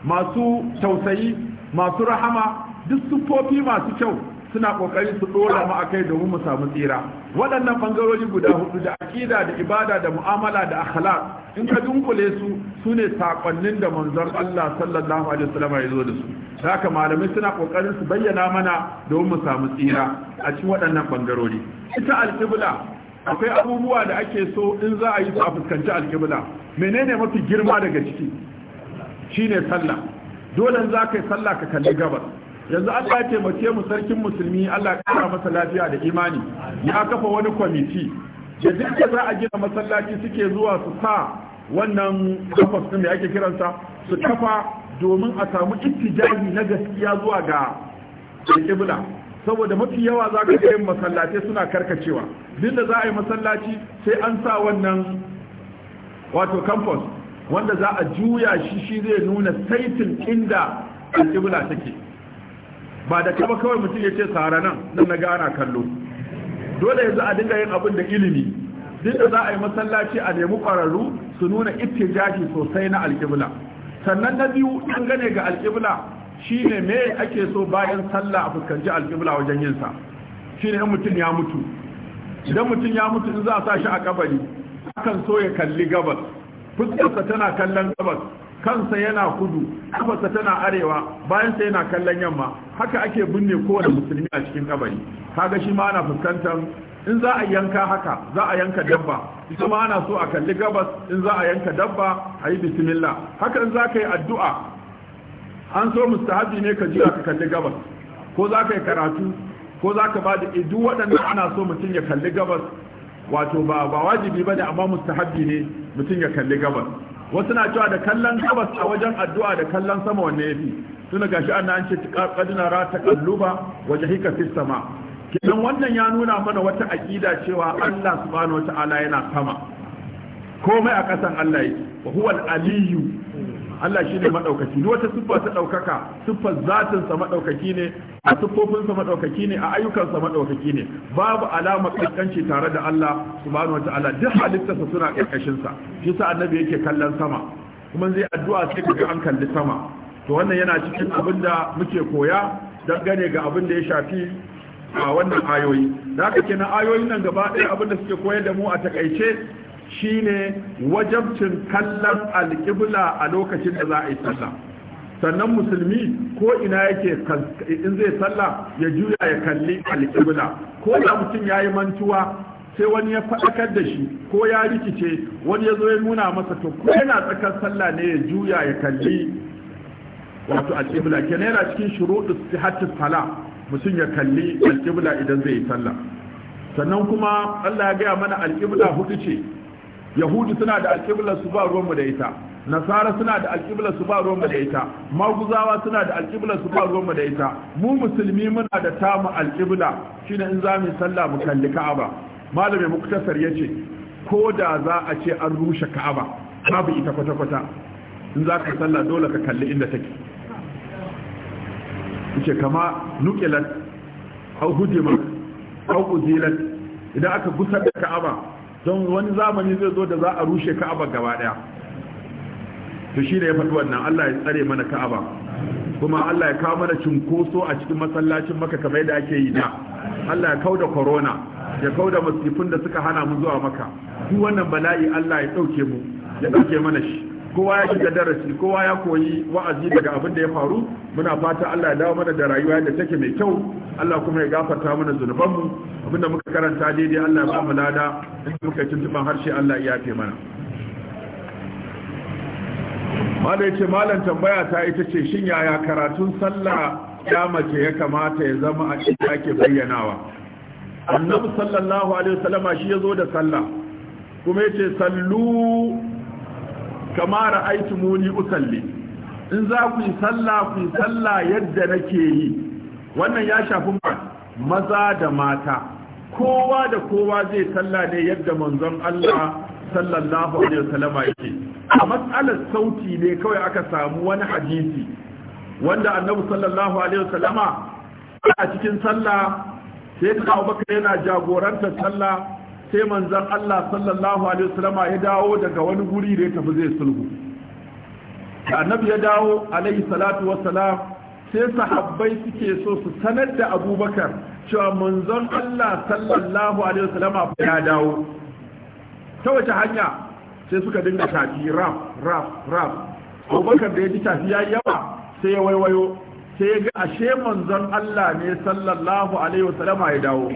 masu tausayi masu rahama duk siffofi masu kyau suna kokari su dora mu akai domin mu samu tsira waɗannan bangarori guda hudu da akida da ibada da mu'amala da akhlaq in ka dunkule su sune sakonnin da manzon Allah sallallahu alaihi wasallam ya zo da su haka malamai suna kokarin su bayyana mana domin mu samu tsira a cikin waɗannan bangarori ita alqibla akwai abubuwa da ake so in za a yi su a fuskanci alqibla menene mafi girma daga ciki shine sallah dole za ka yi sallah ka kalli gabas yanzu Allah ya taimake mu sarkin musulmi Allah ya kara masa lafiya da imani ya kafa wani kwamiti da duk za a gina masallaci suke zuwa su sa wannan kafas din da ake kiransa su kafa domin a samu ittijahi na gaskiya zuwa ga kibla saboda mafi yawa za ka yin masallaci suna karkacewa duk da za a yi masallaci sai an sa wannan wato campus wanda za a juya shi shi zai nuna saitin inda kibla take ba da kama kawai mutum ya ce tsara nan nan na gana kallo dole yanzu a dinga yin abin da ilimi duk da za a yi masallaci a nemi ƙwararru su nuna jashi sosai na alƙibla sannan na biyu gane ga alƙibla shine me ake so bayan sallah a fuskanci alƙibla wajen yin sa shi ne mutum ya mutu idan mutum ya mutu in za a sa shi a kabari akan so ya kalli gabas fuskarsa tana kallon gabas kansa yana kudu kafarsa tana arewa bayansa yana kallon yamma haka ake binne kowane musulmi a cikin kabari kaga shi ma ana fuskantar in za a yanka haka za a yanka dabba ita ma ana so a kalli gabas in za a yanka dabba a yi bismillah haka in za ka yi addu'a an so mustahabi ne ka jira ka kalli gabas ko za ka yi karatu ko za ka ba da duk waɗannan ana so mutum ya kalli gabas wato ba ba wajibi bane amma mustahabbi ne mutum ya kalli gabas wasu na cewa da kallon gabas a wajen addu'a da kallon sama wanne yafi tuna gashi an an ce kadina ra ta kalluba wajhika fis sama kidan wannan ya nuna mana wata aqida cewa Allah subhanahu wataala yana sama komai a kasan Allah yake wa huwal aliyyu Allah shi ne maɗaukaki. Ni wata siffa ta ɗaukaka, siffar zatin sa madaukaki ne a siffofin sa ne a ayyukan sa madaukaki ne babu alama kankanci tare da Allah subhanahu wataala duk halittarsa sa suna karkashin sa shi sa annabi yake kallon sama kuma zai addu'a sai ga an kalli sama to wannan yana cikin abin da muke koya dangane ga abin da ya shafi a wannan ayoyi da haka kenan ayoyin nan gaba ɗaya abin da suke koyar da mu a takaice shine wajabcin kallon alƙibla a lokacin da za a yi sallah sannan musulmi ko ina yake in zai sallah ya juya ya kalli alƙibla ko da mutum ya yi mantuwa sai wani ya faɗakar da shi ko ya rikice wani ya zo ya nuna masa to ko yana tsakar sallah ne ya juya ya kalli wato alƙibla kenan yana cikin shuruɗu sihhatis sala mutum ya kalli alƙibla idan zai yi sallah sannan kuma Allah ya gaya mana alƙibla hudu ce yahudu suna da alƙiblar su ba ruwan mu da ita nasara suna da alƙiblar su ba ruwan mu da ita maguzawa suna da alƙiblar su ba ruwan mu da ita mu musulmi muna da tamu alƙibla shine in za mu sallah mu kalli ka'aba Malami muktasar yace ko da za a ce an rushe ka'aba babu ita kwata kwata in za ka sallah dole ka kalli inda take yace kama nuqilat aw hudimat aw uzilat idan aka gusar da ka'aba don wani zamani zai zo da za a rushe ka'aba gaba daya to shi da ya faɗi wannan Allah ya tsare mana ka'aba kuma Allah ya kawo mana cinkoso a cikin masallacin maka kamar yadda ake yi da Allah ya kauda corona ya kauda masifin da suka hana mu zuwa maka duk wannan bala'i Allah ya ɗauke mu ya ɗauke mana shi kowa ya shiga darasi kowa ya koyi wa'azi daga abin da ya faru muna fata Allah ya dawo mana da rayuwa da take mai kyau Allah kuma ya gafarta mana zunubanmu abinda muka karanta daidai Allah ya ba mu lada in muka tuntuba harshe Allah ya yafe mana malai ce malam tambaya ta ita ce shin yaya karatun sallah ya mace ya kamata ya zama a cikin yake bayyanawa annabi sallallahu alaihi wasallama shi yazo da sallah kuma yace sallu kama muni usalli in za ku yi sallah ku yi sallah yadda nake yi wannan ya shafi maza da mata kowa da kowa zai sallah ne yadda manzon Allah sallallahu alaihi wasallama yake a matsalar sauti ne kawai aka samu wani hadisi wanda annabi sallallahu alaihi wasallama a cikin sallah sai ta Abubakar yana jagorantar sallah sai manzon Allah sallallahu alaihi wasallam ya dawo daga wani guri da ya tafi zai sulhu da annabi ya dawo alaihi salatu wassalam sai sahabbai suke so su sanar da abubakar cewa manzon Allah sallallahu alaihi wasallam ya dawo ta wace hanya sai suka dinga tafi raf raf raf abubakar da ya ji tafi ya yawa sai ya waiwayo sai ya ga ashe manzon Allah ne sallallahu alaihi wasallam ya dawo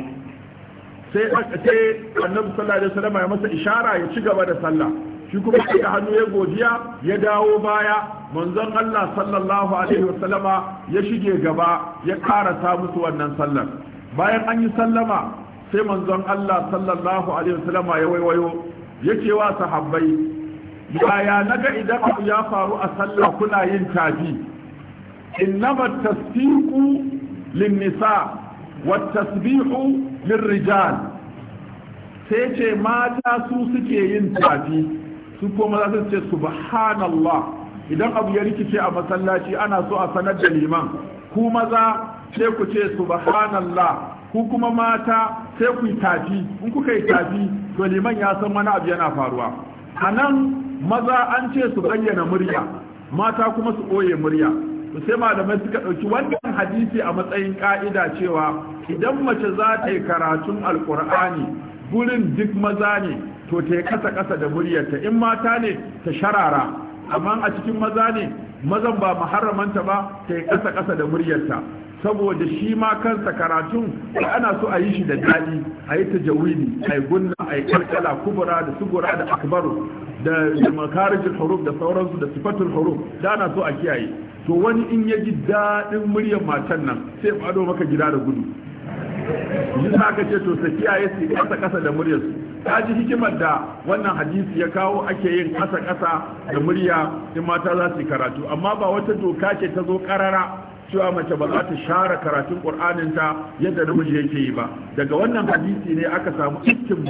sai sai annabi sallallahu alaihi wasallam ya masa ishara ya ci gaba da sallah shi kuma da hannu ya godiya ya dawo baya manzon Allah sallallahu alaihi wasallam ya shige gaba ya karata musu wannan sallar bayan an yi sallama sai manzon Allah sallallahu alaihi wasallam ya waiwayo yake wa sahabbai yaya naga idan ku ya faru a sallah kuna yin tafi innama tasfiqu lin nisa wat tasbihu Rijal sai ce mata su suke yin tafi su kuma subhanallah idan abu ya rikice a masallaci ana so a sanar da liman ku maza sai ku ce subhanallah ku kuma mata sai ku yi tafi in kuka yi tafi to liman ya san wani abu yana faruwa a nan maza an ce su bayyana murya mata kuma su ɓoye murya sai malamai suka ɗauki wannan hadisi a matsayin ka'ida cewa idan mace za ta yi karatun alkur'ani gurin duk maza ne to ta yi kasa kasa da muryarta in mata ne ta sharara amma a cikin maza ne mazan ba muharramanta ba kai kasa kasa da muryarta saboda shi ma kansa karatun da ana so a yi shi da daɗi a yi jawili a yi gunna a yi kalkala kubura da sugura da akbaru da makarijin huruf da sauransu da sifatul huruf da ana so a kiyaye to wani in ya ji daɗin muryar matan nan sai fado maka gida da gudu shi za ka ce to su kiyaye su kasa kasa da muryar su ta ji hikimar da wannan hadisi ya kawo ake yin kasa kasa da murya in mata za su yi karatu amma ba wata doka ce ta zo karara cewa mace ba za ta share karatun ta yadda namiji yake yi ba daga wannan hadisi ne aka samu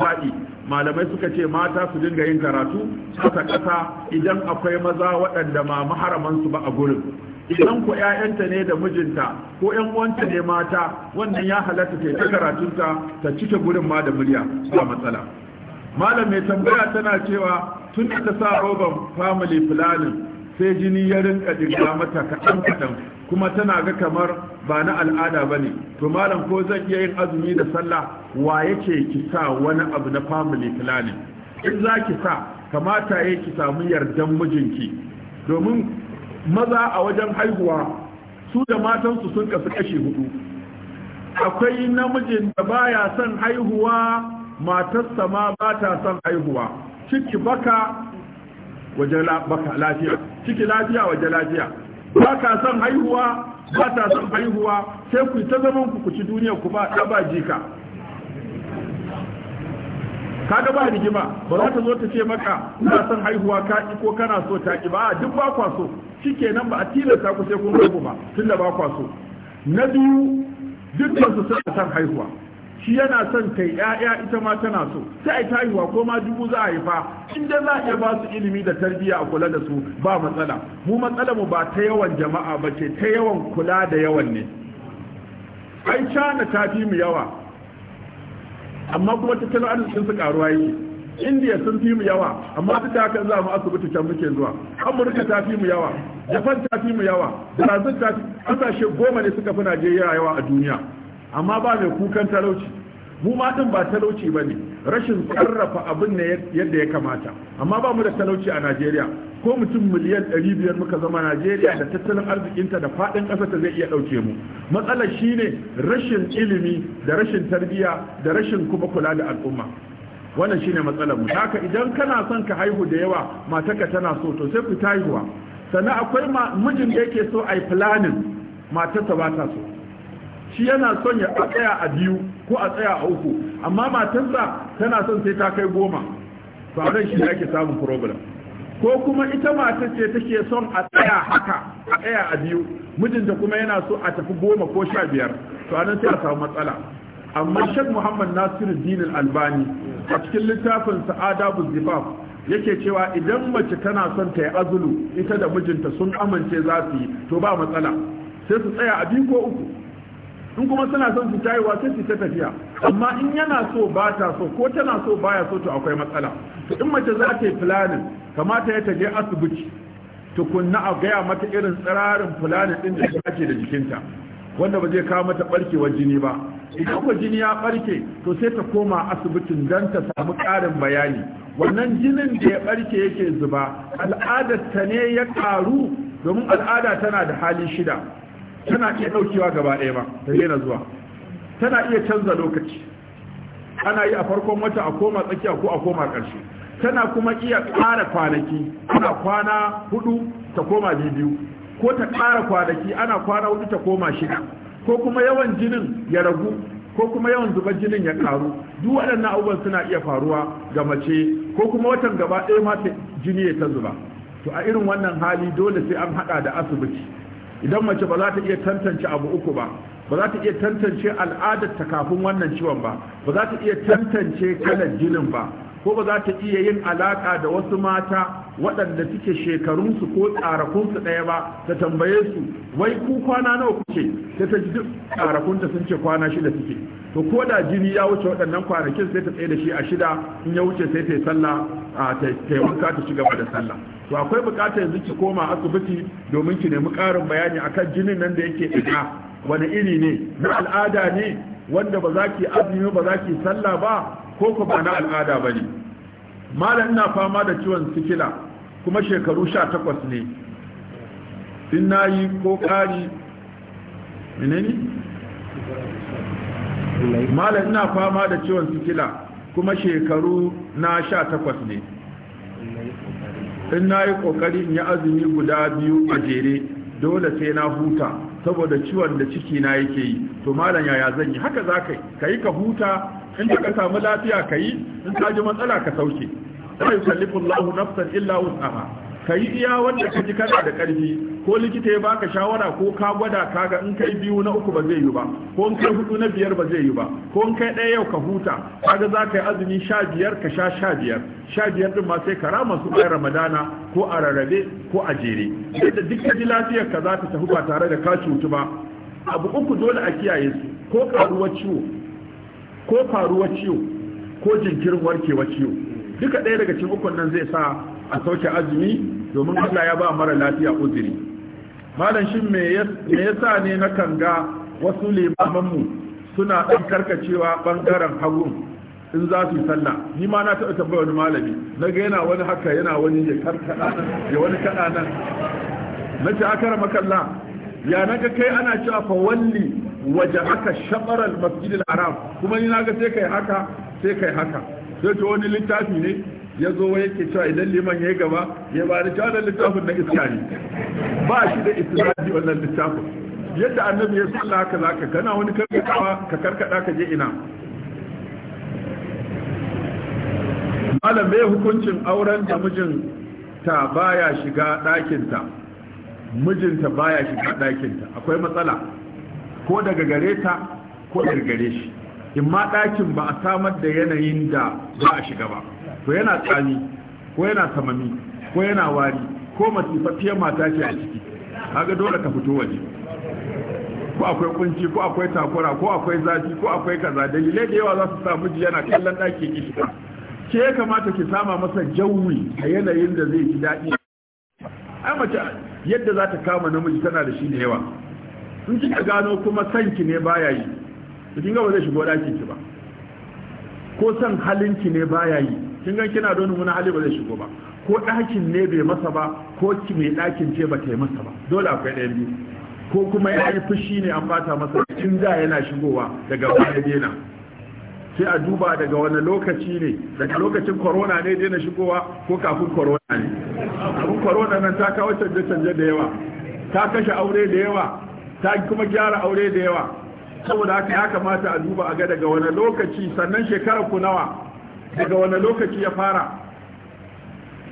baɗi malamai suka ce mata su dinga yin karatu kasa kasa idan akwai maza waɗanda ma maharamansu ba a gurin idan ku ƴaƴanta ne da mijinta ko 'yan uwanta ne mata wannan ya halatta ta ta karatunta ta cike gurin ma da murya ba matsala malam mai tambaya tana cewa tun da ta sa roban family planning sai jini ya rinka dirga mata kaɗan kaɗan kuma tana ga kamar ba na al'ada ba ne to malam ko zan iya yin azumi da sallah wa yake ki sa wani abu na family planning in za ki sa kamata ya ki samu yardan mijinki domin maza a wajen haihuwa su da matansu sun kasu kashe hudu akwai namijin da baya son haihuwa matarsa ma ba ta son haihuwa ciki baka waje lafiya ciki lafiya waje lafiya ba ka son haihuwa ba ta son haihuwa sai ku ta zaman ku ku ci duniya ku ba ba jika kaga ba rigima ba za ta zo ta ce maka ina son haihuwa ka ki ko kana so ta ki ba duk ba kwa so shikenan ba a tilasta ku sai kun haihu ba tunda ba kwa so na biyu duk ba su suna son haihuwa shi yana son kai, ya'ya ita ma tana so sai ta haihuwa ko ma dubu za a haifa in dai za a iya ba su ilimi da tarbiyya a kula da su ba matsala mu matsala mu ba ta yawan jama'a ba ce ta yawan kula da yawan ne ai cana ta fi mu yawa amma kuma tattalin arzikin su karuwa yi indiya sun fi mu yawa amma duk da haka za mu asibiti can muke zuwa amurka ta fi mu yawa japan ta fi mu yawa brazil ta fi kasashe goma ne suka fi najeriya yawa a duniya amma ba mai kukan talauci mu matan ba talauci ba ne rashin sarrafa abin ne yadda ya kamata amma ba mu da talauci a najeriya ko mutum miliyan 500 muka zama najeriya da tattalin arzikinta da faɗin ta zai iya ɗauke mu matsalar shine rashin ilimi da rashin tarbiyya da rashin kuma kula da al'umma wannan shine matsalar mu haka idan kana son ka haihu da yawa matarka tana so to sai ku ta haihuwa sannan akwai mijin da yake so ai planning matarsa ba ta so shi yana son ya tsaya a biyu ko a tsaya a uku amma matansa tana son sai ta kai goma to a shi ake samun problem ko kuma ita matar ce take son a tsaya haka a tsaya a biyu mijinta kuma yana so a tafi goma ko sha biyar to a sai a samu matsala amma shek muhammad nasiru dinin albani a cikin littafin sa'ada buzifaf yake cewa idan mace tana son ta yi azulu ita da mijinta sun amince za su yi to ba matsala sai su tsaya a biyu ko uku in kuma suna son su tayewa sai su ta tafiya amma in yana so ba ta so ko tana so baya so to akwai matsala to in mace za ta yi planning kamata ya taje asibiti tukunna a gaya mata irin tsirarin planning din da ake da jikinta wanda ba zai kawo mata barkewar jini ba idan ko jini ya barke to sai ta koma asibitin don ta samu ƙarin bayani wannan jinin da ya barke yake zuba al'adarta ne ya ƙaru domin al'ada tana da hali shida tana iya daukewa gaba ɗaya ba ta daina zuwa tana iya canza lokaci ana yi a farkon wata a koma tsakiya ko a koma ƙarshe tana kuma iya ƙara kwanaki ana kwana hudu ta koma biyu ko ta ƙara kwanaki ana kwana hudu ta koma shida ko kuma yawan jinin ya ragu ko kuma yawan zubar jinin ya karu duk waɗannan abubuwan suna iya faruwa ga mace ko kuma watan gaba ɗaya ma jini ya ta zuba to a irin wannan hali dole sai an haɗa da asibiti idan mace ba za ta iya tantance abu uku ba ba za ta iya tantance al'adar ta kafin wannan ciwon ba ba za ta iya tantance kalar jinin ba ko ba za ta iya yin alaka da wasu mata waɗanda suke shekarunsu ko tsarakunsu ɗaya ba ta tambaye su wai ku kwana nawa kuke sai ta ji duk tsarakunta sun ce kwana shida suke to ko da jini ya wuce waɗannan kwanakin sai ta tsaye da shi a shida in ya wuce sai ta yi sallah taimaka ta shiga da sallah to akwai bukatar yanzu ki koma asibiti domin ki nemi ƙarin bayani akan jinin nan da yake ɗiga wani iri ne na al'ada ne wanda ba za ki azumi ba za ki sallah ba ko ku ba na al'ada ba ne malam ina fama da ciwon sikila kuma shekaru sha takwas ne in na yi ko ƙari menene malam ina fama da ciwon sikila kuma shekaru na sha takwas ne in na yi ƙoƙari in yi azumi guda biyu a jere dole sai na huta saboda ciwon da ciki na yake yi to malam yaya zan yi haka za ka yi ka huta in ka samu lafiya ka yi in ka ji matsala ka sauke sai yukallifu Allahu nafsan illa wus'aha ka yi iya wanda ka ji kana da ƙarfi ko likita ya baka shawara ko ka gwada ka ga in kai biyu na uku ba zai yi ba ko in kai hudu na biyar ba zai yi ba ko in kai ɗaya yau ka huta kaga za ka yi azumi sha biyar ka sha sha biyar sha biyar din ma sai ka rama su bayan ramadana ko a rarrabe ko a jere yadda duk ka ji lafiyar ka za ta tafi ba tare da ka cutu ba abu uku dole a kiyaye su ko karuwar ciwo ko faruwar ciwo ko jinkirin warkewar ciwo duka ɗaya daga cikin ukun nan zai sa a sauke azumi domin Allah ya ba mara lafiya uzuri malam shin me yasa ne na kanga wasu limamanmu suna ɗan karkacewa ɓangaren hagu in za su sallah ni ma na taɓa tambaya wani malami na ga yana wani haka yana wani ya karkaɗa ya wani kaɗa nan na ce aka makalla ya na ga kai ana cewa fa walli waje haka shaɓarar masjidil haram kuma ni na ga sai kai haka sai kai haka sai to wani littafi ne ya zo wa yake cewa idan liman ya yi gaba ya ba da cewa littafin na iska ne ba shi da isnadi wannan littafin yadda annabi ya sallah haka ka gana wani karkatawa ka karkada ka je ina malam hukuncin auren da mijinta baya shiga ɗakinta mijinta baya shiga ɗakinta akwai matsala ko daga gare ta ko daga gare shi in ma ɗakin ba a samar da yanayin da za a shiga ba to yana tsami ko yana samami ko yana wari ko masifaffiyar mata ce a ciki kaga dole ka fito waje ko akwai kunci ko akwai takura ko akwai zafi ko akwai kaza dalilai da yawa za su samu ji yana kallon ɗakin iska ke ya kamata ki sama masa jawi a yanayin da zai ji daɗi ai mace yadda za ta kama namiji tana da shi da yawa in kika gano kuma sanki ne baya yi kin ga ba zai shigo ɗakin ki ba ko san ki ne baya yi kin gan kina da wani hali ba zai shigo ba ko ɗakin ne bai masa ba ko mai ɗakin ce ba ta yi masa ba dole akwai ɗayan biyu ko kuma ya yi fushi ne an bata masa in da yana shigowa daga baya dena sai a duba daga wani lokaci ne daga lokacin corona ne daina shigowa ko kafin corona ne kafin corona nan ta kawo canje-canje da yawa ta kashe aure da yawa ta kuma gyara aure da yawa saboda haka ya kamata a duba a ga daga wani lokaci sannan shekarar ku nawa daga wani lokaci ya fara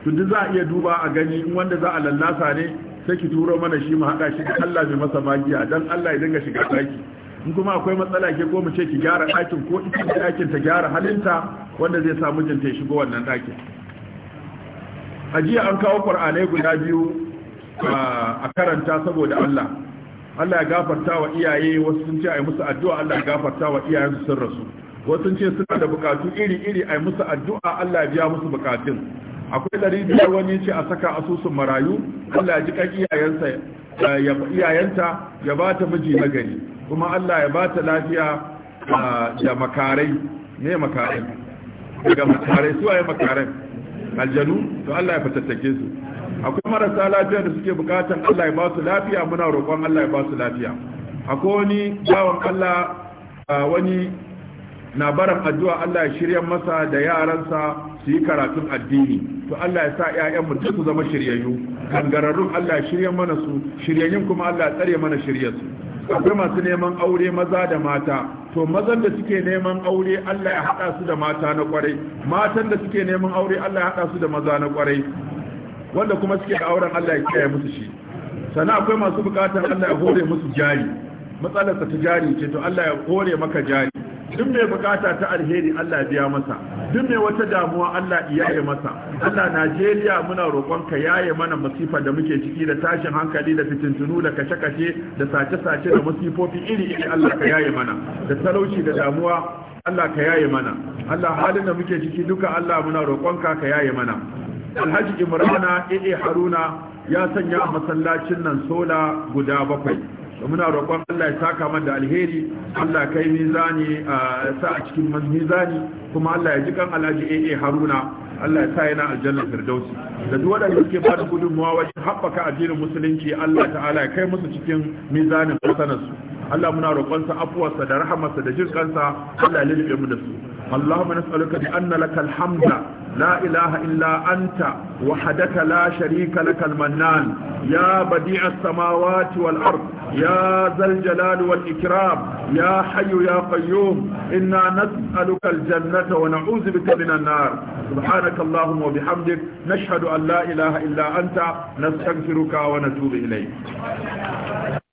duk za a iya duba a gani in wanda za a lallasa ne sai ki turo mana shi mu haɗa shi da Allah bai masa magiya dan Allah ya dinga shiga daki in kuma akwai matsala ke ko mu ce ki gyara ɗakin ko ita ɗakin ta gyara halinta wanda zai sa jinta ya shigo wannan ɗakin a jiya an kawo ƙwar'anai guda biyu a karanta saboda Allah Allah ya gafarta wa iyaye wasu sun ce a yi musu addu'a Allah ya gafarta wa iyayen su sun rasu wasu ce suna da bukatu iri-iri a musu addu'a Allah biya musu bukatun akwai ɗari biyar wani ce a saka asusun marayu Allah ji kan iyayenta ya ba ta miji na gari kuma Allah ya ba ta lafiya da makarai ne makarai daga makarai su yi makarai aljanu to Allah ya fatattake su akwai marasa lafiya da suke bukatan Allah ya ba su lafiya muna roƙon Allah ya ba su lafiya akwai wani bawan Allah wani na barin addu'a Allah ya shirya masa da yaransa su yi karatun addini to Allah ya sa ƴaƴan mu su zama shiryayyu kangararrun Allah ya shirya mana su shiryayyun kuma Allah ya tsare mana shiryarsu akwai masu neman aure maza da mata to mazan da suke neman aure Allah ya haɗa su da mata na kwarai matan da suke neman aure Allah ya haɗa su da maza na kwarai wanda kuma suke da auren Allah ya kiyaye musu shi sannan akwai masu bukatar Allah ya hore musu jari matsalarsa ta jari ce to Allah ya hore maka jari duk mai bukata ta alheri Allah biya masa duk mai wata damuwa Allah iyaye masa Allah Najeriya muna roƙon ka yaye mana masifa da muke ciki da tashin hankali da fitintunu da kashe-kashe da sace-sace da masifofi iri-iri Allah ka yaye mana da talauci da damuwa Allah ka yaye mana Allah halin da muke ciki duka Allah muna roƙon ka ka yaye mana Alhaji Imrana Ee Haruna ya sanya masallacin nan sola guda bakwai muna roƙon Allah ya saka mana da alheri Allah kai mizani a sa a cikin mizani kuma Allah ya ji kan Alhaji AA Haruna Allah ya sa yana aljanna firdausi da duk wanda yake ba da gudunmawa wajen haɓaka addinin musulunci Allah ta'ala ya kai musu cikin mizanin kusanansu. Allah muna roƙonsa afuwarsa da rahamarsa da jirkansa Allah ya lulluɓe mu da su اللهم نسألك بأن لك الحمد لا إله إلا أنت وحدك لا شريك لك المنان يا بديع السماوات والأرض يا ذا الجلال والإكرام يا حي يا قيوم إنا نسألك الجنة ونعوذ بك من النار سبحانك اللهم وبحمدك نشهد أن لا إله إلا أنت نستغفرك ونتوب إليك